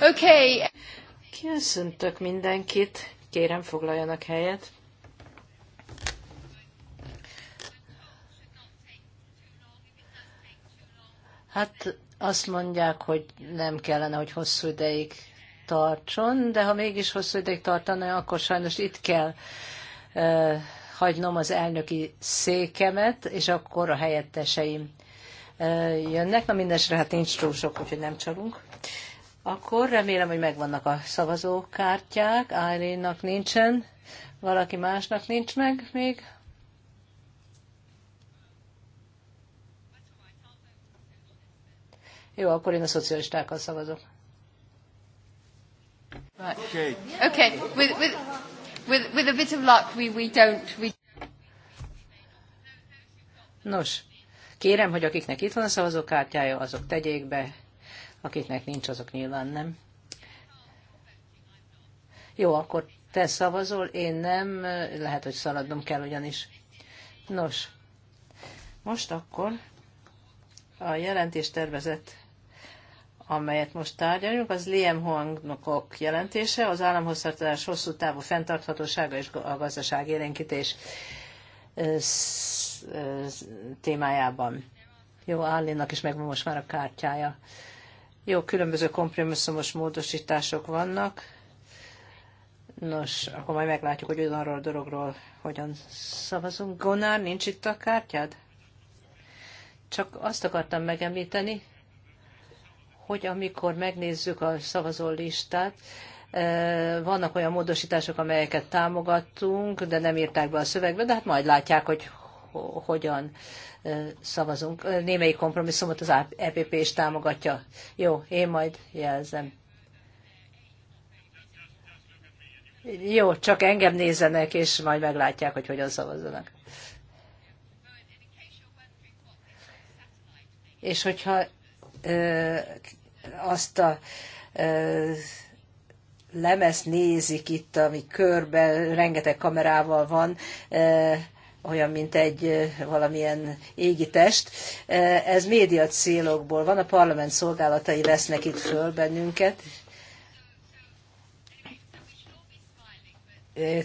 Okay. Köszöntök mindenkit. Kérem, foglaljanak helyet. Hát azt mondják, hogy nem kellene, hogy hosszú ideig tartson, de ha mégis hosszú ideig tartana, akkor sajnos itt kell uh, hagynom az elnöki székemet, és akkor a helyetteseim jönnek. Na mindesre hát nincs túl sok, úgyhogy nem csalunk. Akkor remélem, hogy megvannak a szavazókártyák. Árénnak nincsen, valaki másnak nincs meg még. Jó, akkor én a szocialistákkal szavazok. Okay. Okay. With, with, with, with a bit of luck, we, we don't. We... Nos, kérem, hogy akiknek itt van a szavazókártyája, azok tegyék be, akiknek nincs, azok nyilván nem. Jó, akkor te szavazol, én nem, lehet, hogy szaladnom kell ugyanis. Nos, most akkor a jelentés tervezet, amelyet most tárgyaljuk, az Liam Huangnokok jelentése, az államhoztartás hosszú távú fenntarthatósága és a gazdaságélénkítés témájában. Jó, Állinnak is megvan most már a kártyája. Jó, különböző kompromisszumos módosítások vannak. Nos, akkor majd meglátjuk, hogy ugyanarról a dologról hogyan szavazunk. Gonár, nincs itt a kártyád? Csak azt akartam megemlíteni, hogy amikor megnézzük a szavazó listát, e, vannak olyan módosítások, amelyeket támogattunk, de nem írták be a szövegbe, de hát majd látják, hogy hogyan szavazunk. Némelyik kompromisszumot az EPP is támogatja. Jó, én majd jelzem. Jó, csak engem nézzenek, és majd meglátják, hogy hogyan szavazzanak. És hogyha ö, azt a ö, lemez nézik itt, ami körben rengeteg kamerával van, ö, olyan, mint egy valamilyen égitest. Ez média célokból van, a parlament szolgálatai vesznek itt föl bennünket.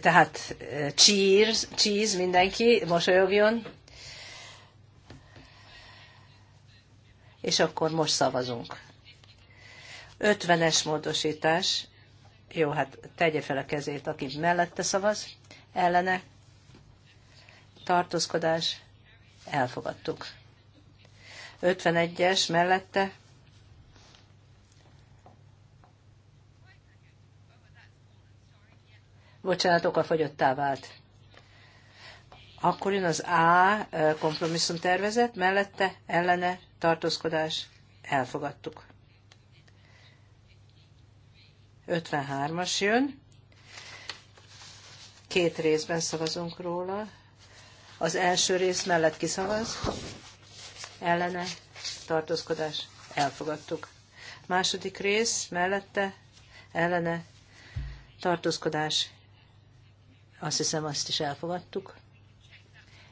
Tehát cheers, cheese mindenki, mosolyogjon. És akkor most szavazunk. 50-es módosítás. Jó, hát tegye fel a kezét, aki mellette szavaz, ellene tartózkodás, elfogadtuk. 51-es mellette bocsánat, fogyottá vált. Akkor jön az A kompromisszum tervezet, mellette ellene tartózkodás, elfogadtuk. 53-as jön, két részben szavazunk róla, az első rész mellett kiszavaz, ellene, tartózkodás, elfogadtuk. Második rész mellette, ellene, tartózkodás, azt hiszem azt is elfogadtuk.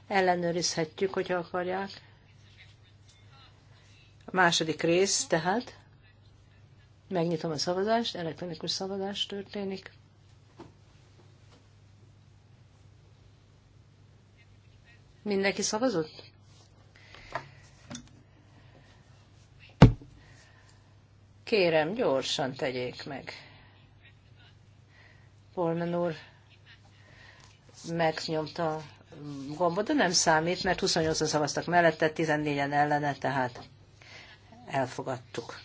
Ellenőrizhetjük, hogyha akarják. A második rész tehát. Megnyitom a szavazást, elektronikus szavazás történik. Mindenki szavazott? Kérem, gyorsan tegyék meg. Polman úr megnyomta a gombot, de nem számít, mert 28-an szavaztak mellette, 14-en ellene, tehát elfogadtuk.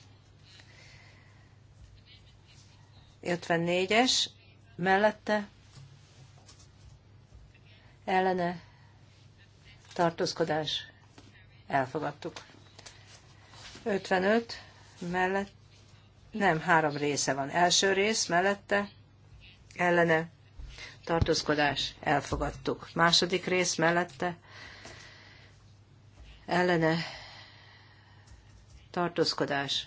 54-es mellette ellene tartózkodás, elfogadtuk. 55 mellett, nem, három része van. Első rész mellette, ellene, tartózkodás, elfogadtuk. Második rész mellette, ellene, tartózkodás.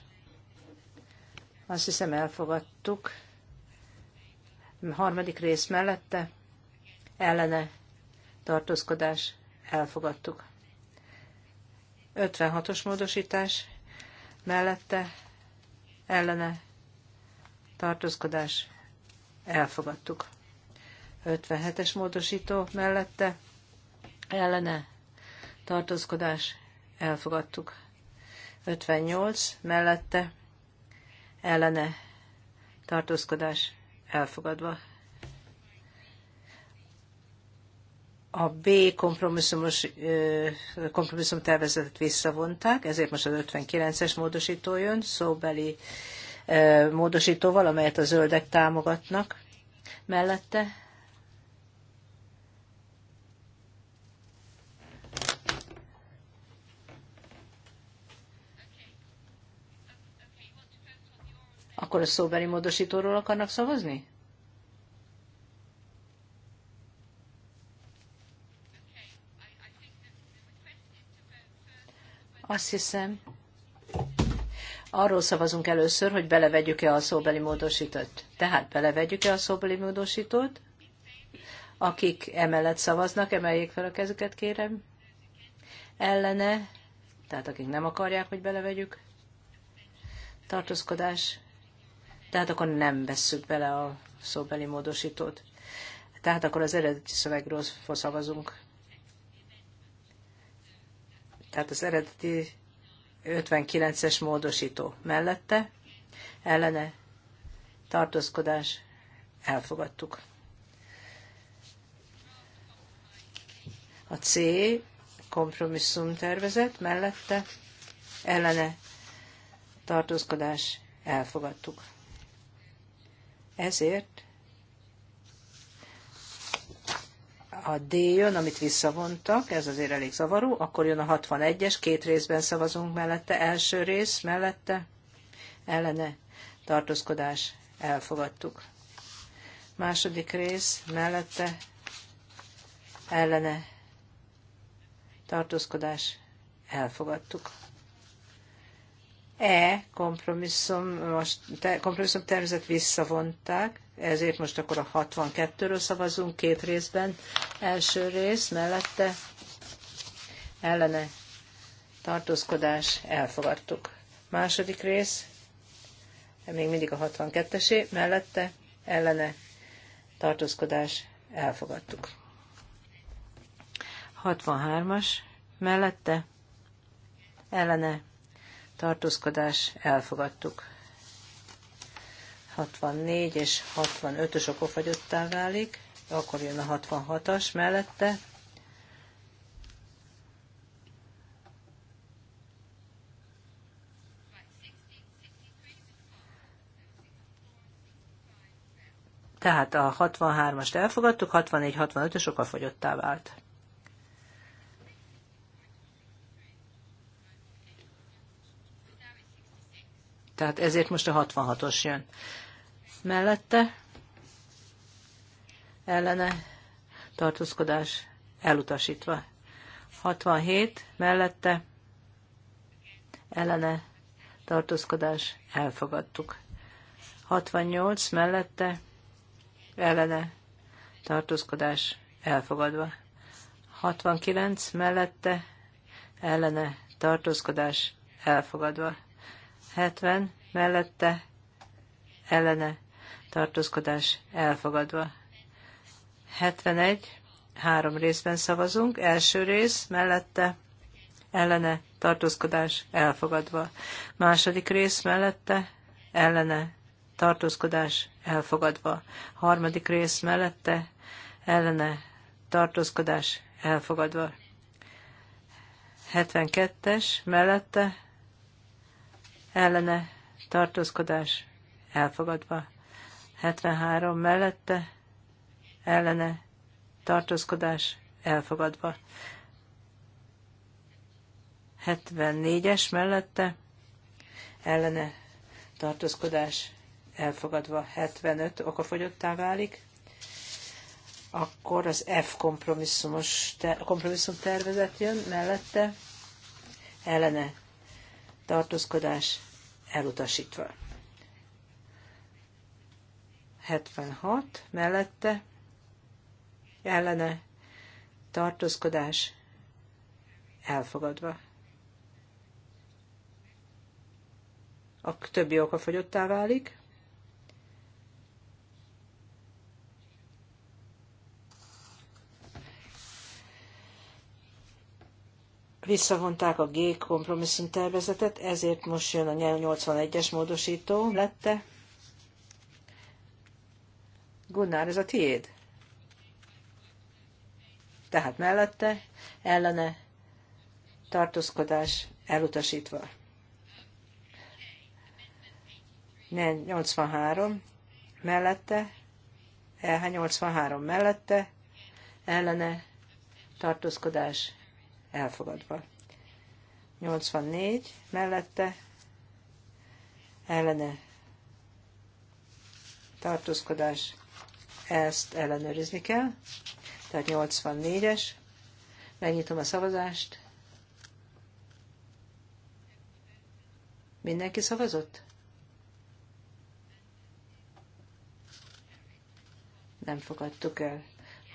Azt hiszem elfogadtuk. harmadik rész mellette, ellene, tartózkodás, elfogadtuk. 56-os módosítás mellette ellene tartózkodás elfogadtuk. 57-es módosító mellette ellene tartózkodás elfogadtuk. 58 mellette ellene tartózkodás elfogadva. a B kompromisszumos kompromisszum tervezetet visszavonták, ezért most az 59-es módosító jön, szóbeli módosítóval, amelyet a zöldek támogatnak mellette. Akkor a szóbeli módosítóról akarnak szavazni? Azt hiszem, arról szavazunk először, hogy belevegyük-e a szóbeli módosítót. Tehát belevegyük-e a szóbeli módosítót? Akik emellett szavaznak, emeljék fel a kezüket, kérem. Ellene, tehát akik nem akarják, hogy belevegyük. Tartózkodás. Tehát akkor nem vesszük bele a szóbeli módosítót. Tehát akkor az eredeti szövegről szavazunk. Tehát az eredeti 59-es módosító mellette ellene tartózkodás elfogadtuk. A C kompromisszum tervezet mellette ellene tartózkodás elfogadtuk. Ezért a D jön, amit visszavontak, ez azért elég zavaró, akkor jön a 61-es, két részben szavazunk mellette, első rész mellette, ellene, tartózkodás, elfogadtuk. Második rész mellette, ellene, tartózkodás, elfogadtuk. E kompromisszum, most te, kompromisszum tervezet visszavonták, ezért most akkor a 62-ről szavazunk két részben. Első rész mellette ellene tartózkodás elfogadtuk. Második rész, még mindig a 62-esé, mellette ellene tartózkodás elfogadtuk. 63-as, mellette ellene tartózkodás elfogadtuk. 64 és 65-ös okofagyottá válik, akkor jön a 66-as mellette. Tehát a 63-ast elfogadtuk, 64-65-ös okafogyottá vált. Tehát ezért most a 66-os jön mellette ellene tartózkodás elutasítva. 67 mellette ellene tartózkodás elfogadtuk. 68 mellette ellene tartózkodás elfogadva. 69 mellette ellene tartózkodás elfogadva. 70 mellette ellene tartózkodás elfogadva. 71, három részben szavazunk, első rész mellette, ellene, tartózkodás elfogadva. Második rész mellette, ellene, tartózkodás elfogadva. Harmadik rész mellette, ellene, tartózkodás elfogadva. 72-es mellette, ellene, tartózkodás elfogadva. 73 mellette ellene tartózkodás elfogadva. 74-es mellette ellene tartózkodás elfogadva 75 okafogyottá válik, akkor az F kompromisszumos te- kompromisszum tervezet jön mellette, ellene tartózkodás elutasítva. 76 mellette ellene tartózkodás elfogadva. A többi oka fogyottá válik. Visszavonták a G kompromisszum tervezetet, ezért most jön a 81-es módosító lette Gunnar, ez a tiéd. Tehát mellette, ellene, tartózkodás elutasítva. 83 mellette, LH83 mellette, ellene, tartózkodás elfogadva. 84 mellette, ellene, tartózkodás ezt ellenőrizni kell. Tehát 84-es. Megnyitom a szavazást. Mindenki szavazott? Nem fogadtuk el.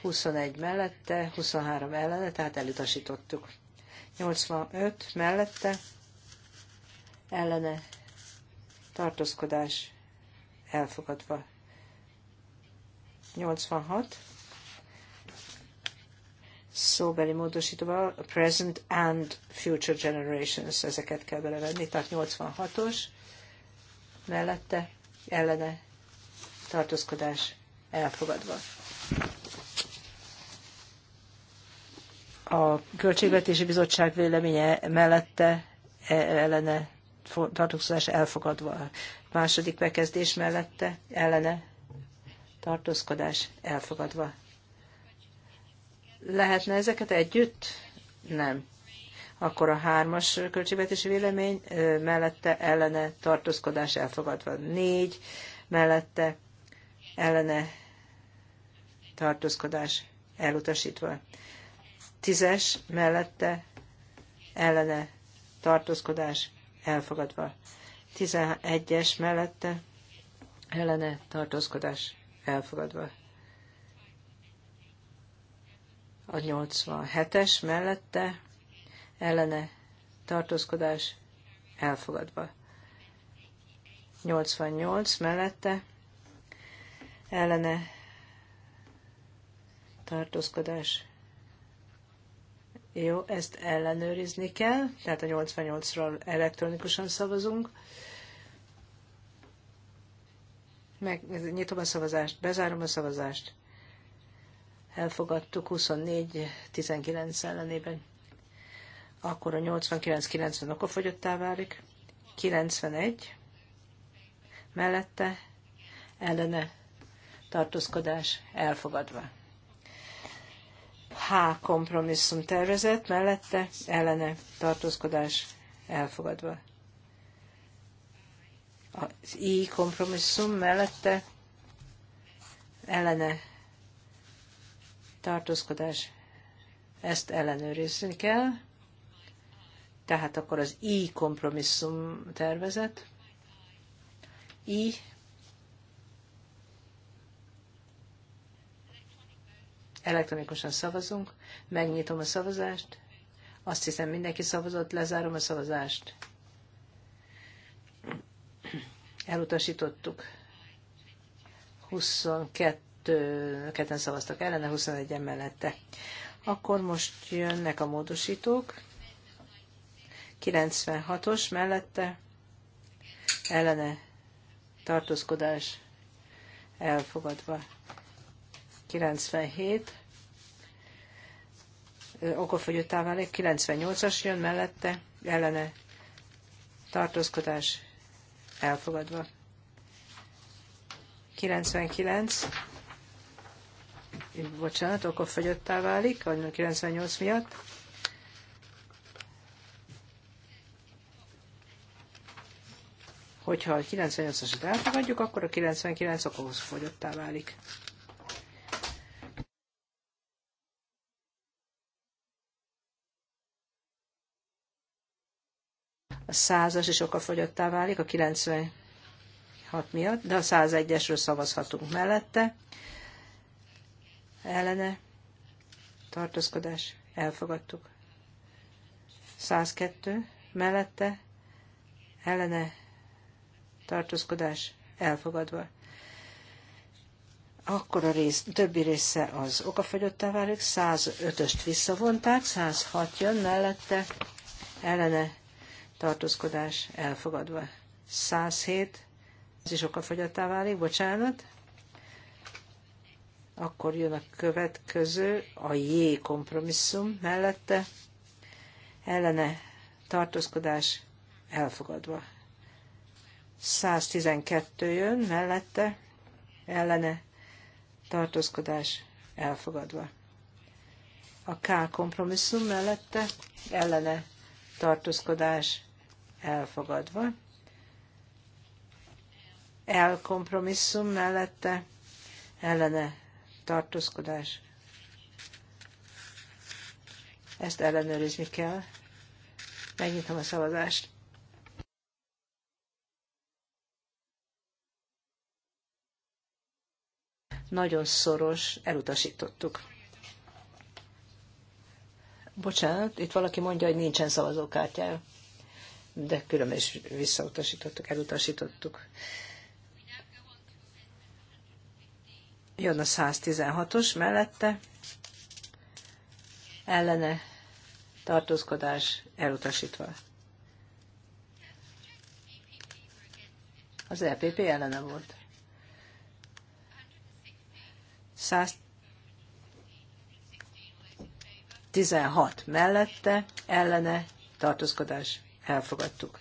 21 mellette, 23 ellene, tehát elutasítottuk. 85 mellette, ellene, tartózkodás elfogadva. 86 szóbeli módosítóval present and future generations, ezeket kell belevenni, tehát 86-os mellette ellene tartózkodás elfogadva. A Költségvetési Bizottság véleménye mellette e, ellene tartózkodás elfogadva. Második bekezdés mellette ellene tartózkodás elfogadva. Lehetne ezeket együtt? Nem. Akkor a hármas költségvetési vélemény mellette ellene tartózkodás elfogadva. Négy mellette ellene tartózkodás elutasítva. Tízes mellette ellene tartózkodás elfogadva. Tizenegyes mellette ellene tartózkodás elfogadva. A 87-es mellette ellene tartózkodás elfogadva. 88 mellette ellene tartózkodás. Jó, ezt ellenőrizni kell, tehát a 88-ról elektronikusan szavazunk nyitom a szavazást, bezárom a szavazást. Elfogadtuk 24-19 ellenében. Akkor a 89-90 okofogyottá válik. 91 mellette ellene tartózkodás elfogadva. H. Kompromisszum tervezet mellette ellene tartózkodás elfogadva. Az I kompromisszum mellette ellene tartózkodás. Ezt ellenőrizni kell. Tehát akkor az I kompromisszum tervezet. I elektronikusan szavazunk, megnyitom a szavazást, azt hiszem mindenki szavazott, lezárom a szavazást elutasítottuk. 22 keten szavaztak ellene, 21 mellette. Akkor most jönnek a módosítók. 96-os mellette ellene tartózkodás elfogadva. 97 okofogyottá válik, 98-as jön mellette, ellene tartózkodás elfogadva. 99, bocsánat, okofagyottá válik, 98 miatt. Hogyha a 98-asat elfogadjuk, akkor a 99 okhoz fogyottá válik. A százas is okafogyottá válik, a 96 miatt, de a 101-esről szavazhatunk mellette. Ellene tartózkodás, elfogadtuk. 102 mellette ellene tartózkodás elfogadva. Akkor a rész, többi része az okafogyottá válik, 105-öst visszavonták, 106 jön mellette, ellene tartózkodás elfogadva. 107, ez is okafogyattá válik, bocsánat. Akkor jön a következő, a J kompromisszum mellette, ellene tartózkodás elfogadva. 112 jön mellette, ellene tartózkodás elfogadva. A K kompromisszum mellette ellene tartózkodás elfogadva. Elkompromisszum mellette ellene tartózkodás. Ezt ellenőrizni kell. Megnyitom a szavazást. Nagyon szoros, elutasítottuk. Bocsánat, itt valaki mondja, hogy nincsen szavazókártyája de különben is visszautasítottuk, elutasítottuk. Jön a 116-os mellette, ellene tartózkodás elutasítva. Az EPP ellene volt. 116 mellette, ellene tartózkodás elfogadtuk.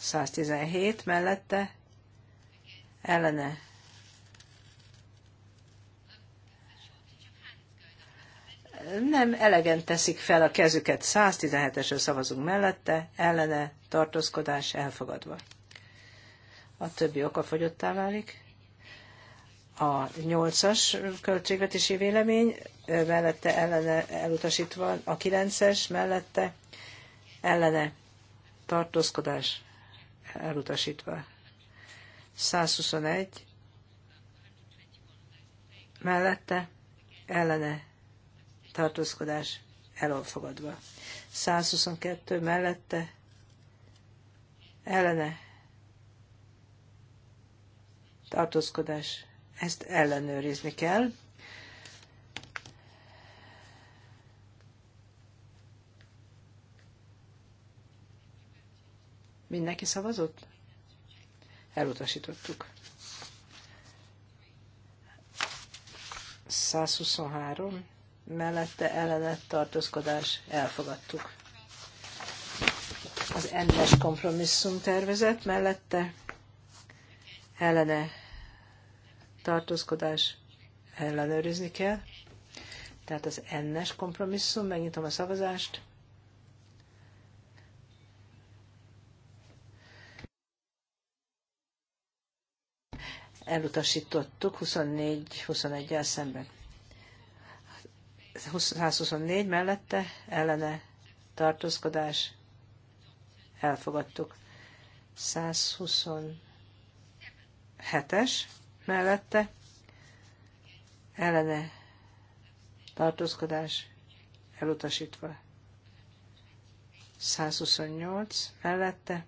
117 mellette ellene nem elegen teszik fel a kezüket. 117-esre szavazunk mellette, ellene tartózkodás elfogadva. A többi oka fogyottá válik. A nyolcas költségvetési vélemény mellette ellene elutasítva, a kilences mellette ellene tartózkodás elutasítva. 121 mellette ellene tartózkodás elfogadva. 122 mellette ellene tartózkodás ezt ellenőrizni kell. Mindenki szavazott? Elutasítottuk. 123 mellette ellenet tartózkodás elfogadtuk. Az endes kompromisszum tervezet mellette ellene tartózkodás ellenőrizni kell. Tehát az ennes kompromisszum, megnyitom a szavazást. Elutasítottuk 24-21-el szemben. 124 mellette ellene tartózkodás elfogadtuk. 127-es mellette ellene tartózkodás elutasítva. 128 mellette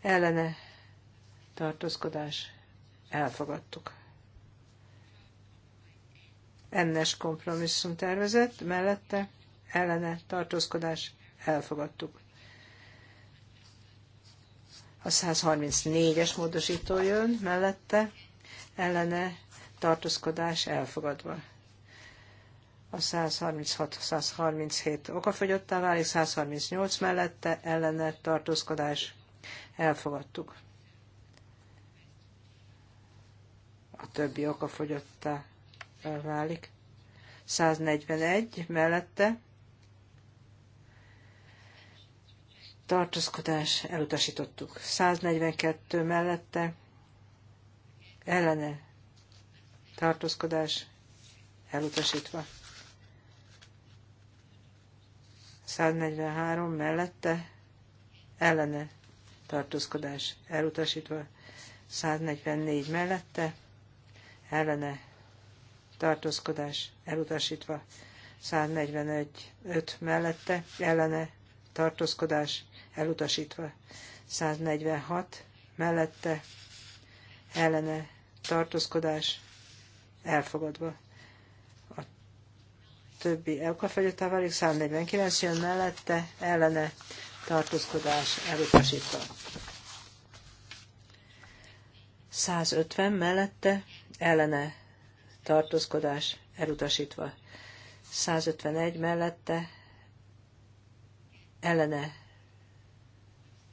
ellene tartózkodás elfogadtuk. Ennes kompromisszum tervezett mellette ellene tartózkodás elfogadtuk. A 134-es módosító jön mellette, ellene tartózkodás elfogadva. A 136-137 okafogyottá válik, 138 mellette ellene tartózkodás elfogadtuk. A többi okafogyottá válik. 141 mellette tartózkodás elutasítottuk. 142 mellette ellene tartózkodás elutasítva. 143 mellette ellene tartózkodás elutasítva. 144 mellette ellene tartózkodás elutasítva. 145 5 mellette ellene tartózkodás elutasítva. 146 mellette ellene tartózkodás elfogadva. A többi elkafegyottá válik, 149 jön mellette, ellene tartózkodás elutasítva. 150 mellette ellene tartózkodás elutasítva. 151 mellette ellene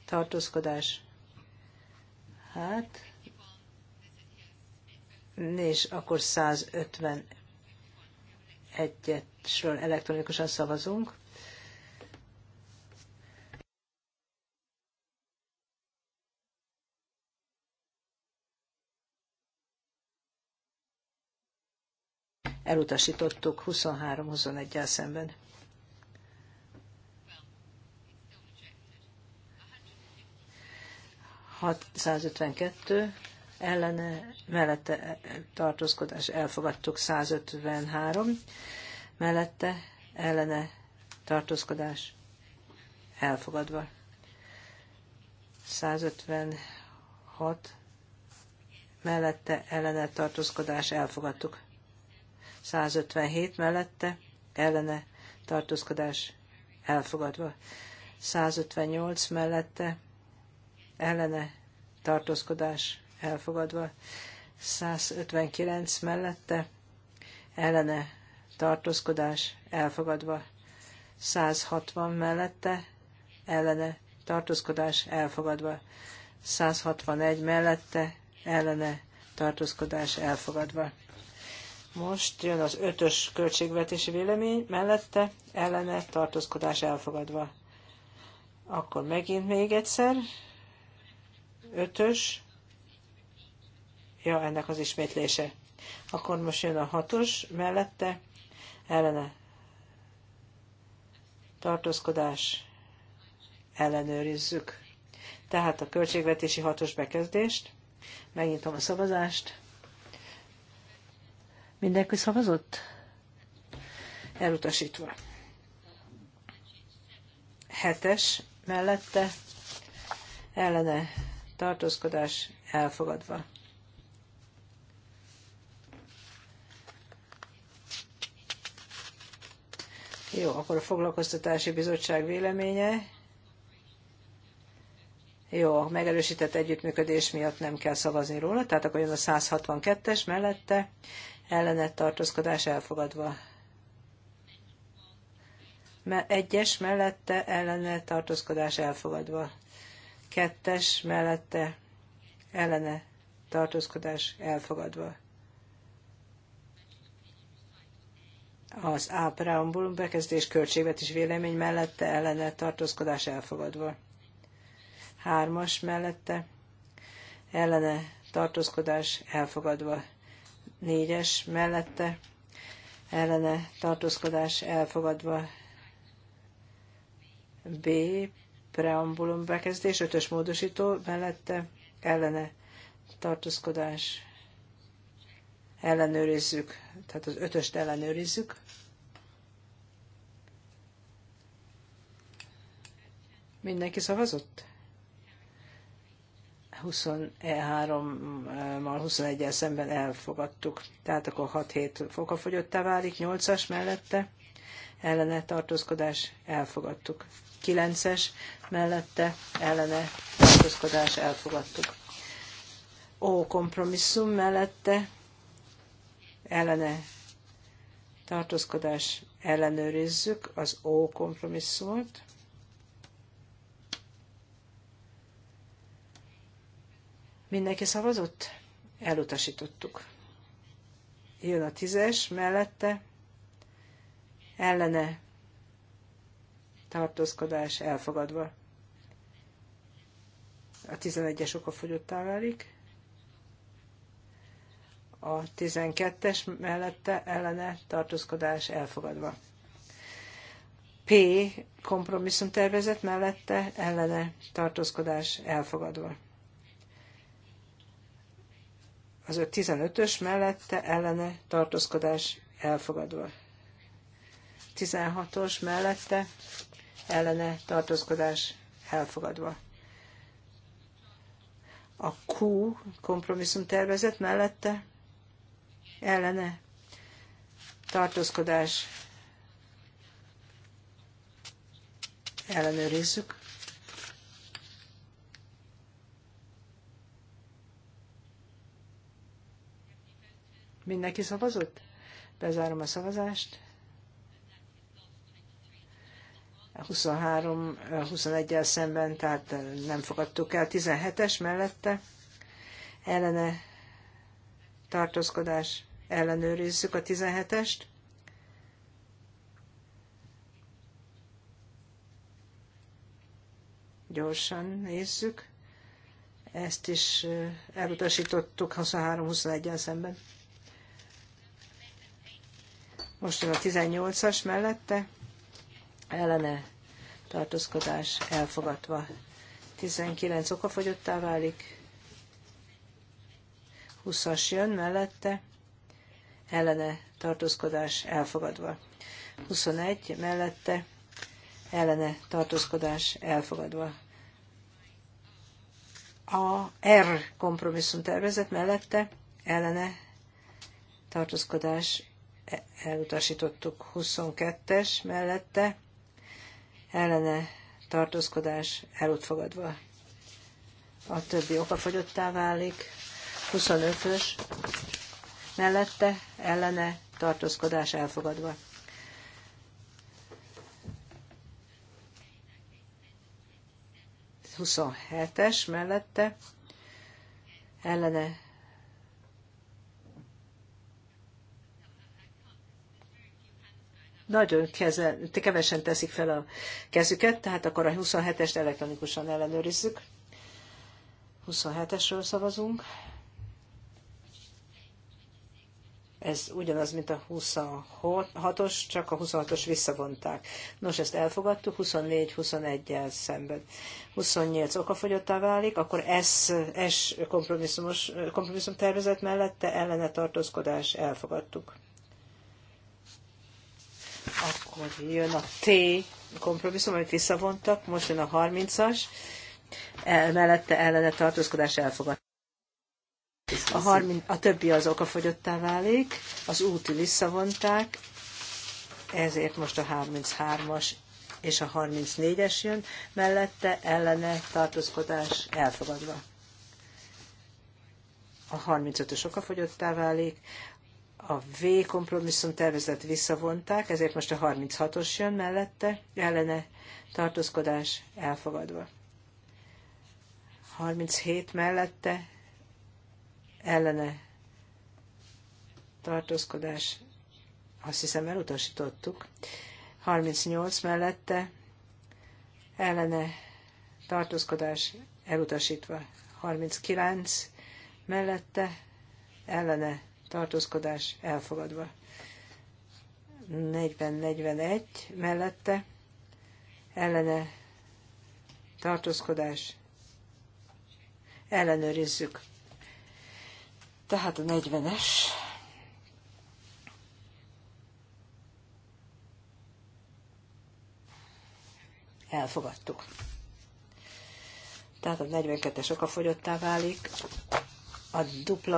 tartózkodás. Hát, és akkor 151-esről elektronikusan szavazunk. Elutasítottuk 23-21-el szemben. 652 ellene mellette e, e, tartózkodás elfogadtuk 153, mellette ellene tartózkodás elfogadva. 156 mellette ellene tartózkodás elfogadtuk. 157 mellette ellene tartózkodás elfogadva. 158 mellette ellene tartózkodás elfogadva, 159 mellette ellene tartózkodás elfogadva, 160 mellette ellene tartózkodás elfogadva, 161 mellette ellene tartózkodás elfogadva. Most jön az ötös költségvetési vélemény, mellette ellene tartózkodás elfogadva. Akkor megint még egyszer, Ötös. Ja, ennek az ismétlése. Akkor most jön a hatos mellette. Ellene. Tartózkodás. Ellenőrizzük. Tehát a költségvetési hatos bekezdést. Megnyitom a szavazást. Mindenki szavazott? Elutasítva. Hetes mellette ellene tartózkodás elfogadva. Jó, akkor a foglalkoztatási bizottság véleménye. Jó, megerősített együttműködés miatt nem kell szavazni róla, tehát akkor jön a 162-es mellette, ellenett tartózkodás elfogadva. Egyes mellette ellenett tartózkodás elfogadva kettes mellette ellene tartózkodás elfogadva. Az A preambulum bekezdés költségvetés vélemény mellette ellene tartózkodás elfogadva. Hármas mellette ellene tartózkodás elfogadva. Négyes mellette ellene tartózkodás elfogadva. B preambulum bekezdés, ötös módosító, mellette ellene tartózkodás ellenőrizzük, tehát az ötöst ellenőrizzük. Mindenki szavazott? 23-mal, 21-el szemben elfogadtuk. Tehát akkor 6-7 fokafogyottá válik, 8-as mellette ellene tartózkodás elfogadtuk. 9-es mellette ellene tartózkodás elfogadtuk. Ó kompromisszum mellette ellene tartózkodás ellenőrizzük az ó kompromisszumot. Mindenki szavazott? Elutasítottuk. Jön a tízes mellette, ellene tartózkodás elfogadva. A 11-es fogyottá válik. A 12-es mellette ellene tartózkodás elfogadva. P. Kompromisszumtervezet mellette ellene tartózkodás elfogadva. Az 15-ös mellette ellene tartózkodás elfogadva. 16-os mellette ellene tartózkodás elfogadva. A Q kompromisszum tervezet mellette ellene tartózkodás ellenőrizzük. Mindenki szavazott? Bezárom a szavazást. 23-21-el szemben, tehát eh, nem fogadtuk el. 17-es mellette ellene tartózkodás ellenőrizzük a 17-est. Gyorsan nézzük. Ezt is eh, elutasítottuk 23-21-el szemben. Most a 18-as mellette ellene tartózkodás elfogadva. 19 okafogyottá válik, 20-as jön mellette, ellene tartózkodás elfogadva. 21 mellette, ellene tartózkodás elfogadva. A R kompromisszum tervezet mellette, ellene tartózkodás e- elutasítottuk 22-es mellette, ellene tartózkodás elutfogadva. A többi okafogyottá válik. 25-ös mellette ellene tartózkodás elfogadva. Huszonhetes mellette ellene nagyon keze, kevesen teszik fel a kezüket, tehát akkor a 27-est elektronikusan ellenőrizzük. 27-esről szavazunk. Ez ugyanaz, mint a 26-os, csak a 26-os visszavonták. Nos, ezt elfogadtuk 24-21-el szemben. 28 okafogyottá válik, akkor S, S kompromisszumos, kompromisszum tervezet mellette ellene tartózkodás elfogadtuk. Akkor jön a T kompromisszum, amit visszavontak, most jön a 30-as, el, mellette ellene tartózkodás elfogadás. A, 30, a többi az okafogyottá válik, az úti visszavonták, ezért most a 33-as és a 34-es jön, mellette ellene tartózkodás elfogadva. A 35-ös okafogyottá válik, a V kompromisszum tervezet visszavonták, ezért most a 36-os jön mellette, ellene tartózkodás elfogadva. 37 mellette ellene tartózkodás, azt hiszem elutasítottuk. 38 mellette ellene tartózkodás elutasítva. 39 mellette ellene tartózkodás elfogadva. 40-41 mellette ellene tartózkodás ellenőrizzük. Tehát a 40-es elfogadtuk. Tehát a 42-es okafogyottá válik, a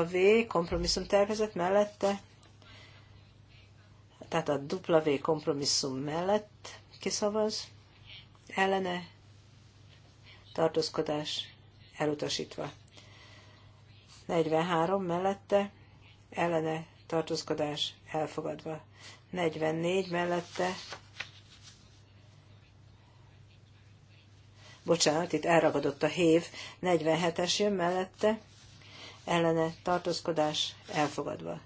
W kompromisszum tervezet mellette, tehát a W kompromisszum mellett kiszavaz, ellene tartózkodás elutasítva. 43 mellette, ellene tartózkodás elfogadva. 44 mellette, bocsánat, itt elragadott a hév, 47-es jön mellette, ellene tartózkodás elfogadva.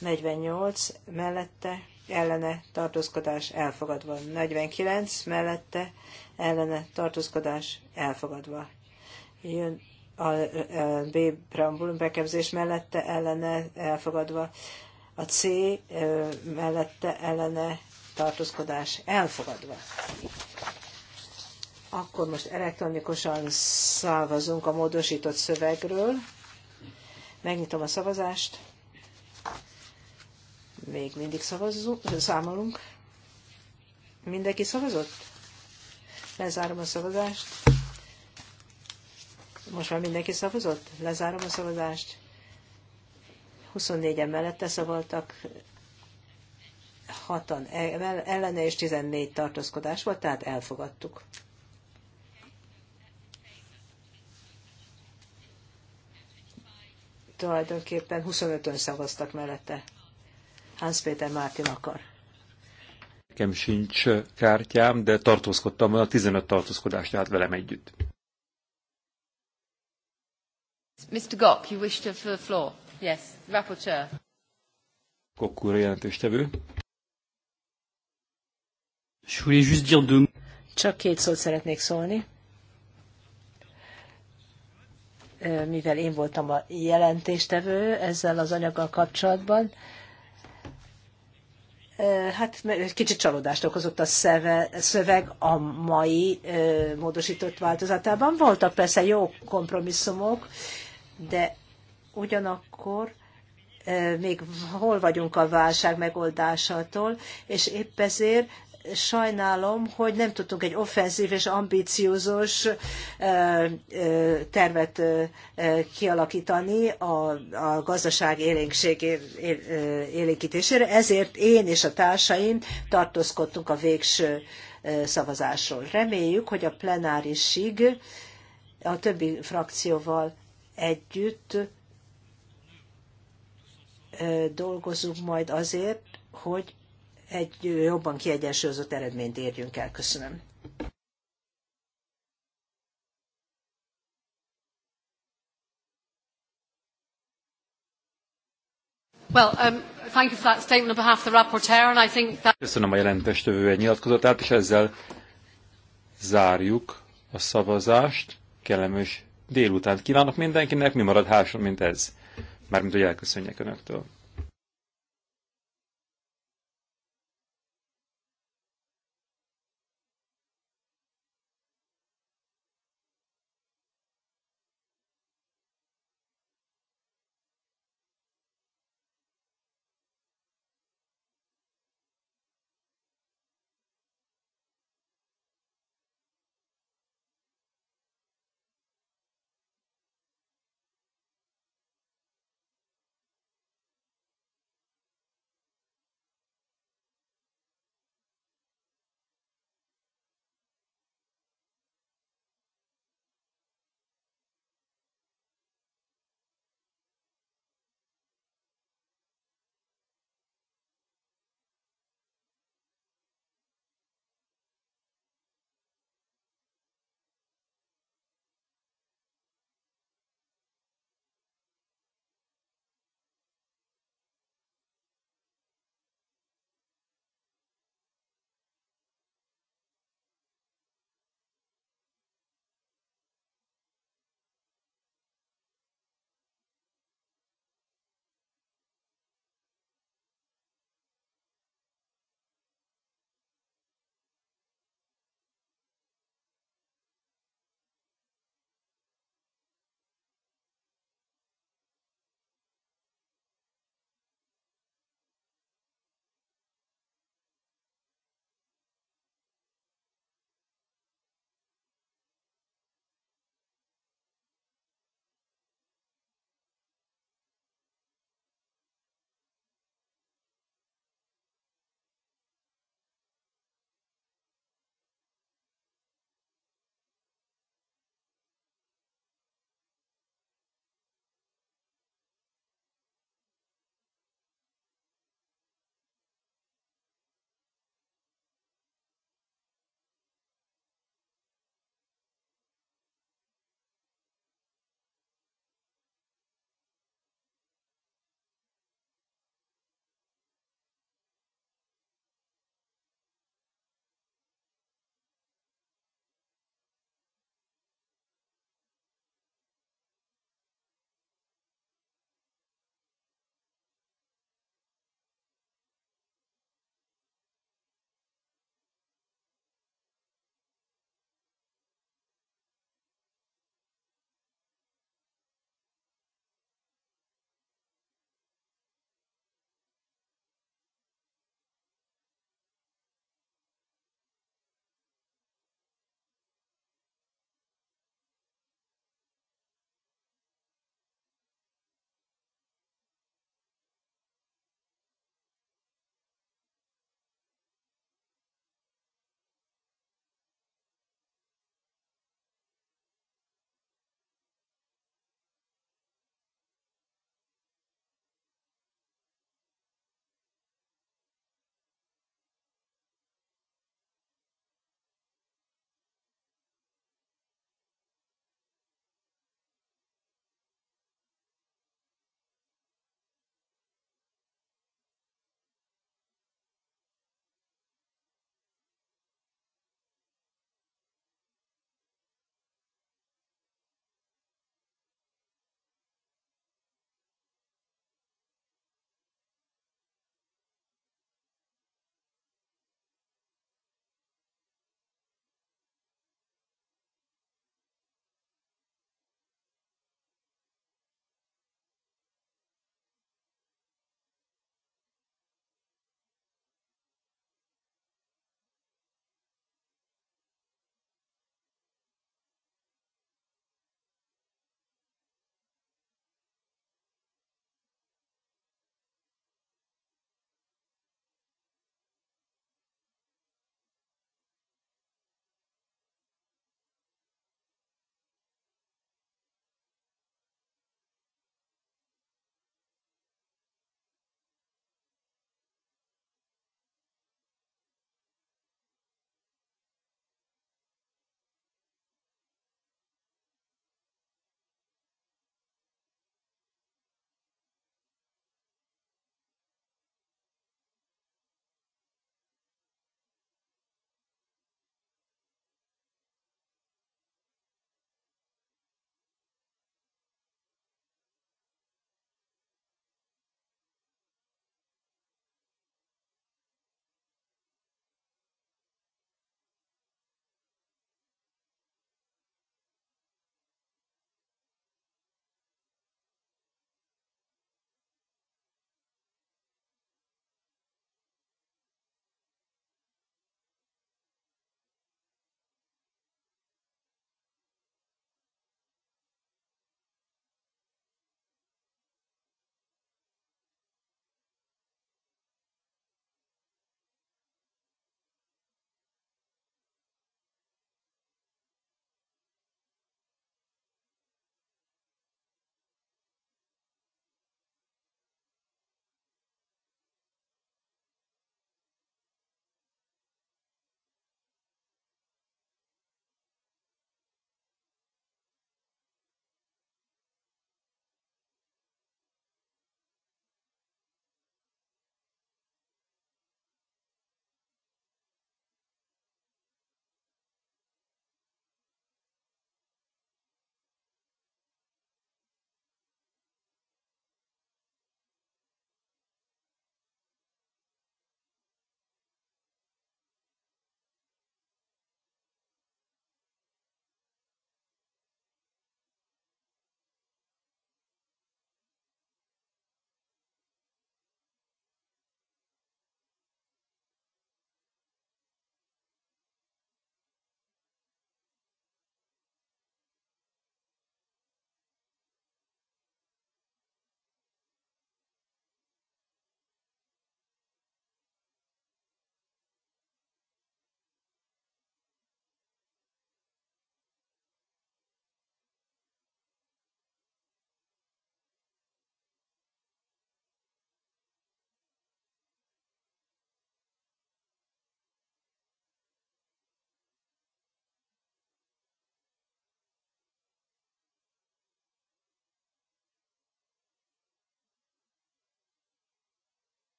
48 mellette ellene tartózkodás elfogadva. 49 mellette ellene tartózkodás elfogadva. Jön a, B preambulum bekebzés mellette ellene elfogadva. A C mellette ellene tartózkodás elfogadva. Akkor most elektronikusan szavazunk a módosított szövegről. Megnyitom a szavazást. Még mindig szavazzunk, számolunk. Mindenki szavazott? Lezárom a szavazást. Most már mindenki szavazott? Lezárom a szavazást. 24-en mellette szavaltak, 6-an ellene és 14 tartózkodás volt, tehát elfogadtuk. tulajdonképpen 25-ön szavaztak mellette. Hans Péter Mártin akar. Nekem sincs kártyám, de tartózkodtam a 15 tartózkodást állt velem együtt. Mr. Gok, you wish to fill the floor? Yes, rapporteur. Gock úr, jelentéstevő. Csak két szót szeretnék szólni. mivel én voltam a jelentéstevő ezzel az anyaggal kapcsolatban, Hát egy kicsit csalódást okozott a szöveg a mai módosított változatában. Voltak persze jó kompromisszumok, de ugyanakkor még hol vagyunk a válság megoldásától, és épp ezért sajnálom, hogy nem tudtunk egy offenzív és ambíciózus tervet kialakítani a, a gazdaság élénkség élénkítésére, ezért én és a társaim tartózkodtunk a végső szavazásról. Reméljük, hogy a plenárisig a többi frakcióval együtt dolgozunk majd azért, hogy egy jobban kiegyensúlyozott eredményt érjünk el. Köszönöm. Köszönöm a jelentéstövő egy nyilatkozatát, és ezzel zárjuk a szavazást. Kellemes délután kívánok mindenkinek, mi marad hátra, mint ez. Mármint, hogy elköszönjek Önöktől.